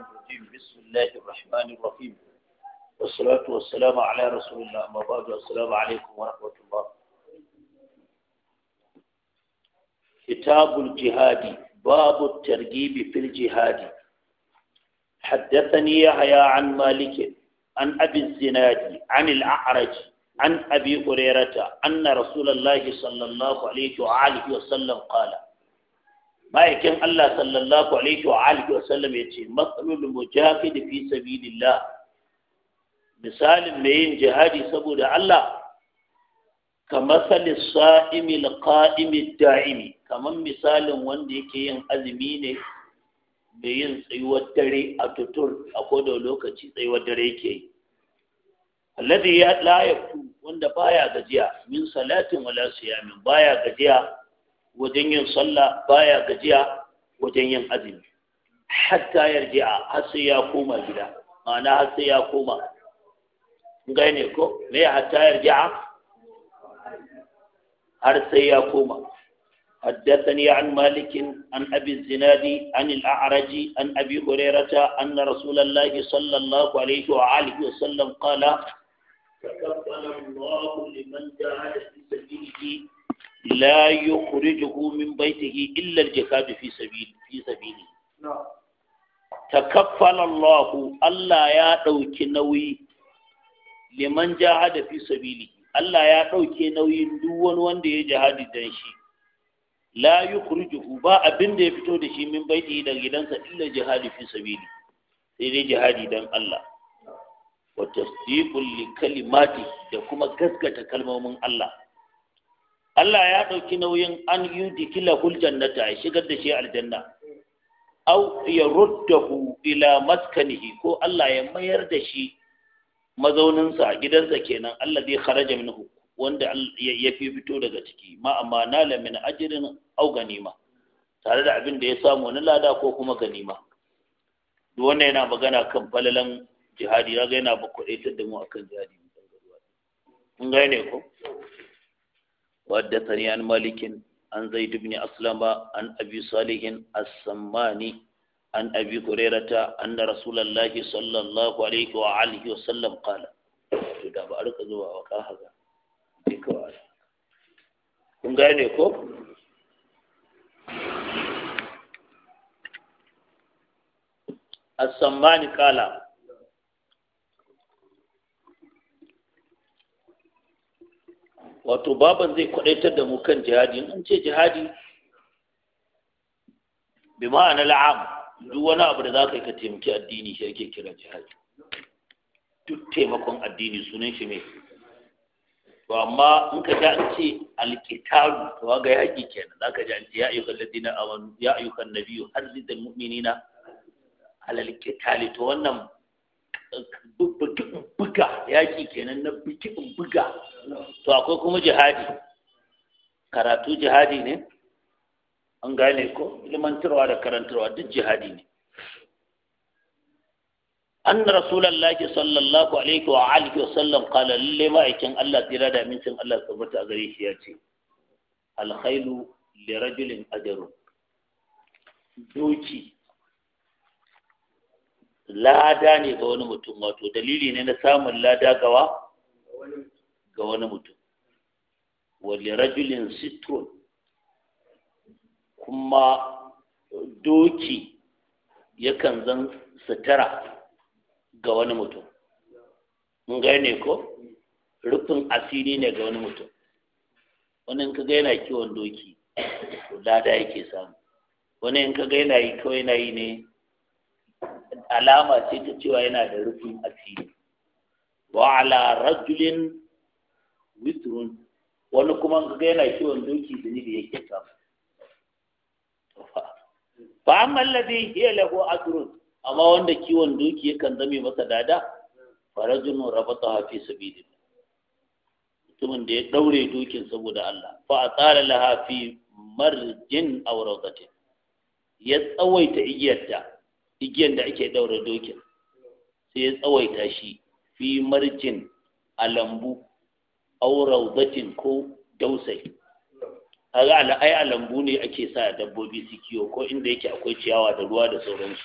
الشيطان بسم الله الرحمن الرحيم والصلاة والسلام على رسول الله ما بعد السلام عليكم ورحمة الله كتاب الجهاد باب الترغيب في الجهاد حدثني يحيى عن مالك عن أبي الزناد عن الأعرج عن أبي هريرة أن رسول الله صلى الله عليه وآله وسلم قال ma'aikin Allah sallallahu alaihi wa alihi wa sallam ya ce matsalul mujahid fi sabilillah misalin mai yin jihadi saboda Allah ka salin sa'imi alqa'imi da'imi kamar misalin wanda yake yin azumi ne mai yin tsayuwar dare a tutur a da lokaci tsayuwar dare yake yi alladhi ya la wanda baya gajiya min salatin wala siyamin baya gajiya wajen yin sallah baya gajiya wajen yin azumi hatta yarji'a har sai ya koma gida ma'ana har sai ya koma gane ko me hatta yarji'a har sai ya koma حدثني عن مالك عن أبي الزناد عن الأعرج عن أبي هريرة أن رسول الله صلى الله عليه وآله وسلم قال تقبل الله لمن جعل في سبيله la yukhrijuhu min baitihi illa al-jihadu fi sabili fi sabili takaffala Allah Allah ya ɗauki nauyi liman jahada fi sabili Allah ya dauke nauyin duk wanda ya jihadi dan shi la yukhrijuhu ba abin ya fito da shi min baiti daga gidansa illa jihadi fi sabili sai dai jihadi dan Allah wa tasdiqul li kalimati da kuma gaskata kalmomin Allah Allah ya ɗauki nauyin an yi dikila jannata ya shigar da shi aljanna au ya ruddahu ila maskanihi ko Allah ya mayar da shi mazauninsa a gidansa kenan Allah zai kharaja minhu wanda ya fi fito daga ciki ma amma na lamina ajirin au ganima tare da abin da ya samu na lada ko kuma ganima duk wannan yana magana kan falalan jihadi ya ga yana ba kuɗaitar da mu akan jihadi mun gane ko وحدثني عن مالك عن زيد بن أسلم عن أبي صالح السماني عن أبي هريرة أن رسول الله صلى الله عليه وآله وسلم قال da ba a rika zuwa wa kahaza sai kawai kun gane ko as kala wato baban zai kwadaitar da mu kan jihadi in an ce jihadi bi ma'ana la'am duk wani abu da za ka yi ka taimaki addini shi ake kira jihadi duk taimakon addini sunan shi ne to amma in ka ji an ce alkitaru to ga yaki kenan za ka ji an ce ya ayyukan ladina amanu ya ayyukan nabiyyu harzidal mu'minina alal qitali to wannan buga yaki kenan na buga to akwai kuma jihadi karatu jihadi ne an gane ko ilmantarwa da karantarwa duk jihadi ne أن رسول الله صلى الله عليه وآله وسلم قال للي ما يكن الله ترادى من سن الله سبحانه أغريش ياتي الخيل لرجل أجر دوكي لا داني ga wani دليلي wato dalili ne na samun ga wani mutum wali rajulin sitron kuma doki yakan zan sutura ga wani mutum mun gane ko rufin asiri ne ga wani mutum wani in kaga yana kiwon doki lada yake samu wani in kaga yana yi kawai yana yi ne alama ce ta cewa yana da rufin asiri wa ala rajulin witrun wani kuma ga yana kiwon doki da ni da yake samu fa amma alladhi hiya lahu ajrun amma wanda kiwon doki yakan zame masa dada farajun rabataha fi sabilillah mutumin da ya daure dokin saboda Allah fa atala laha fi marjin aw rawdatin ya tsawaita igiyarta igiyar da ake daure dokin sai ya tsawaita shi fi marjin a lambu aw raudatin ko dausai kaga ala ai a lambu ne ake sa dabbobi su kiyo ko inda yake akwai ciyawa da ruwa da sauransu